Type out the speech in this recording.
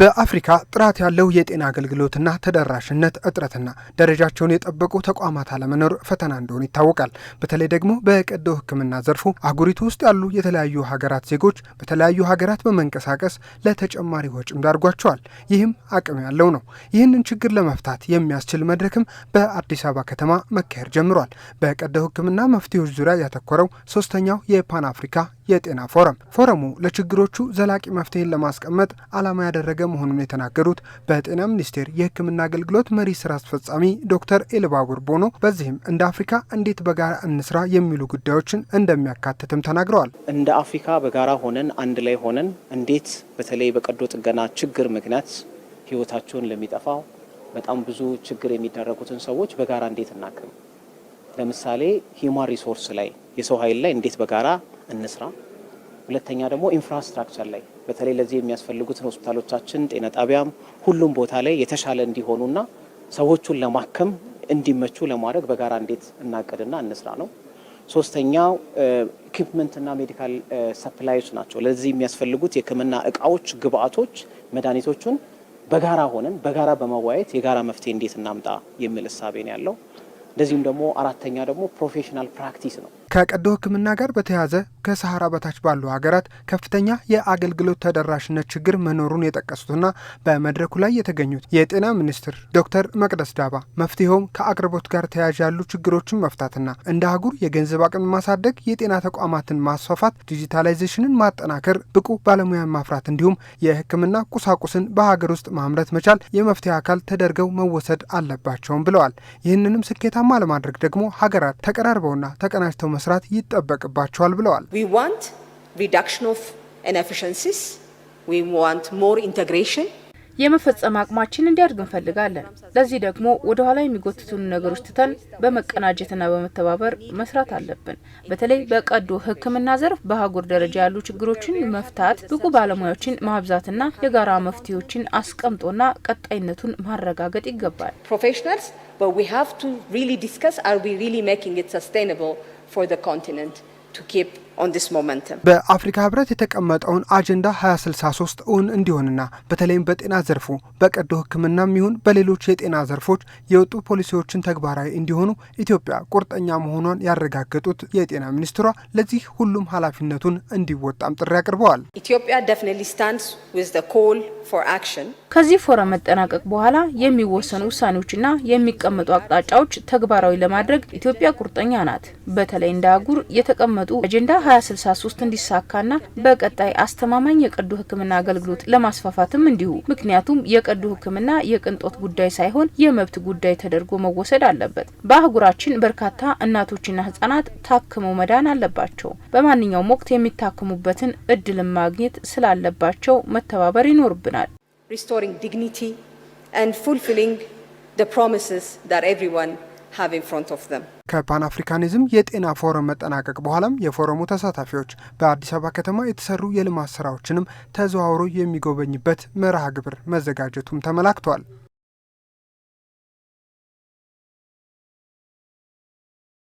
በአፍሪካ ጥራት ያለው የጤና አገልግሎትና ተደራሽነት እጥረትና ደረጃቸውን የጠበቁ ተቋማት አለመኖር ፈተና እንደሆነ ይታወቃል። በተለይ ደግሞ በቀዶ ሕክምና ዘርፉ አህጉሪቱ ውስጥ ያሉ የተለያዩ ሀገራት ዜጎች በተለያዩ ሀገራት በመንቀሳቀስ ለተጨማሪ ወጪም ዳርጓቸዋል። ይህም አቅም ያለው ነው። ይህንን ችግር ለመፍታት የሚያስችል መድረክም በአዲስ አበባ ከተማ መካሄድ ጀምሯል። በቀዶ ሕክምና መፍትሄዎች ዙሪያ ያተኮረው ሶስተኛው የፓን አፍሪካ የጤና ፎረም። ፎረሙ ለችግሮቹ ዘላቂ መፍትሄን ለማስቀመጥ ዓላማ ያደረገ መሆኑን የተናገሩት በጤና ሚኒስቴር የሕክምና አገልግሎት መሪ ስራ አስፈጻሚ ዶክተር ኤልባቡር ቦኖ በዚህም እንደ አፍሪካ እንዴት በጋራ እንስራ የሚሉ ጉዳዮችን እንደሚያካትትም ተናግረዋል። እንደ አፍሪካ በጋራ ሆነን አንድ ላይ ሆነን እንዴት በተለይ በቀዶ ጥገና ችግር ምክንያት ህይወታቸውን ለሚጠፋው በጣም ብዙ ችግር የሚደረጉትን ሰዎች በጋራ እንዴት እናክም ለምሳሌ ሂማን ሪሶርስ ላይ የሰው ኃይል ላይ እንዴት በጋራ እንስራ። ሁለተኛ ደግሞ ኢንፍራስትራክቸር ላይ በተለይ ለዚህ የሚያስፈልጉትን ሆስፒታሎቻችን፣ ጤና ጣቢያም ሁሉም ቦታ ላይ የተሻለ እንዲሆኑና ሰዎቹን ለማከም እንዲመቹ ለማድረግ በጋራ እንዴት እናቅድና እንስራ ነው። ሶስተኛው ኢኩፕመንትና ሜዲካል ሰፕላዮች ናቸው። ለዚህ የሚያስፈልጉት የህክምና እቃዎች፣ ግብአቶች፣ መድኃኒቶቹን በጋራ ሆነን በጋራ በመወያየት የጋራ መፍትሄ እንዴት እናምጣ የሚል እሳቤ ነው ያለው። እንደዚሁም ደግሞ አራተኛ ደግሞ ፕሮፌሽናል ፕራክቲስ ነው። ከቀዶ ሕክምና ጋር በተያያዘ ከሰሐራ በታች ባሉ ሀገራት ከፍተኛ የአገልግሎት ተደራሽነት ችግር መኖሩን የጠቀሱትና በመድረኩ ላይ የተገኙት የጤና ሚኒስትር ዶክተር መቅደስ ዳባ መፍትሄውም ከአቅርቦት ጋር ተያያዥ ያሉ ችግሮችን መፍታትና እንደ አህጉር የገንዘብ አቅም ማሳደግ፣ የጤና ተቋማትን ማስፋፋት፣ ዲጂታላይዜሽንን ማጠናከር፣ ብቁ ባለሙያን ማፍራት እንዲሁም የህክምና ቁሳቁስን በሀገር ውስጥ ማምረት መቻል የመፍትሄ አካል ተደርገው መወሰድ አለባቸውም ብለዋል። ይህንንም ስኬታማ ለማድረግ ደግሞ ሀገራት ተቀራርበውና ተቀናጅተው መስራት ይጠበቅባቸዋል ብለዋል። የመፈጸም አቅማችን እንዲያድግ እንፈልጋለን። ለዚህ ደግሞ ወደ ኋላ የሚጎትቱን ነገሮች ትተን በመቀናጀትና በመተባበር መስራት አለብን። በተለይ በቀዶ ሕክምና ዘርፍ በአህጉር ደረጃ ያሉ ችግሮችን መፍታት፣ ብቁ ባለሙያዎችን ማብዛትና የጋራ መፍትሄዎችን አስቀምጦና ቀጣይነቱን ማረጋገጥ ይገባል። But we have to really discuss, are we really making it sustainable for the continent to keep በአፍሪካ ህብረት የተቀመጠውን አጀንዳ 2063 እውን እንዲሆንና በተለይም በጤና ዘርፉ በቀዶ ሕክምናም ይሁን በሌሎች የጤና ዘርፎች የወጡ ፖሊሲዎችን ተግባራዊ እንዲሆኑ ኢትዮጵያ ቁርጠኛ መሆኗን ያረጋገጡት የጤና ሚኒስትሯ ለዚህ ሁሉም ኃላፊነቱን እንዲወጣም ጥሪ አቅርበዋል። ከዚህ ፎረም መጠናቀቅ በኋላ የሚወሰኑ ውሳኔዎችና የሚቀመጡ አቅጣጫዎች ተግባራዊ ለማድረግ ኢትዮጵያ ቁርጠኛ ናት። በተለይ እንደ አህጉር የተቀመጡ አጀንዳ 2063 እንዲሳካና በቀጣይ አስተማማኝ የቀዶ ህክምና አገልግሎት ለማስፋፋትም እንዲሁ። ምክንያቱም የቀዶ ህክምና የቅንጦት ጉዳይ ሳይሆን የመብት ጉዳይ ተደርጎ መወሰድ አለበት። በአህጉራችን በርካታ እናቶችና ህጻናት ታክመው መዳን አለባቸው። በማንኛውም ወቅት የሚታክሙበትን እድል ማግኘት ስላለባቸው መተባበር ይኖርብናል። ሪስቶሪንግ ዲግኒቲ ኤንድ ፉልፊሊንግ ፕሮሚስስ ኤቭሪዋን ከፓን አፍሪካኒዝም የጤና ፎረም መጠናቀቅ በኋላም የፎረሙ ተሳታፊዎች በአዲስ አበባ ከተማ የተሰሩ የልማት ስራዎችንም ተዘዋውሮ የሚጎበኝበት መርሃ ግብር መዘጋጀቱም ተመላክቷል።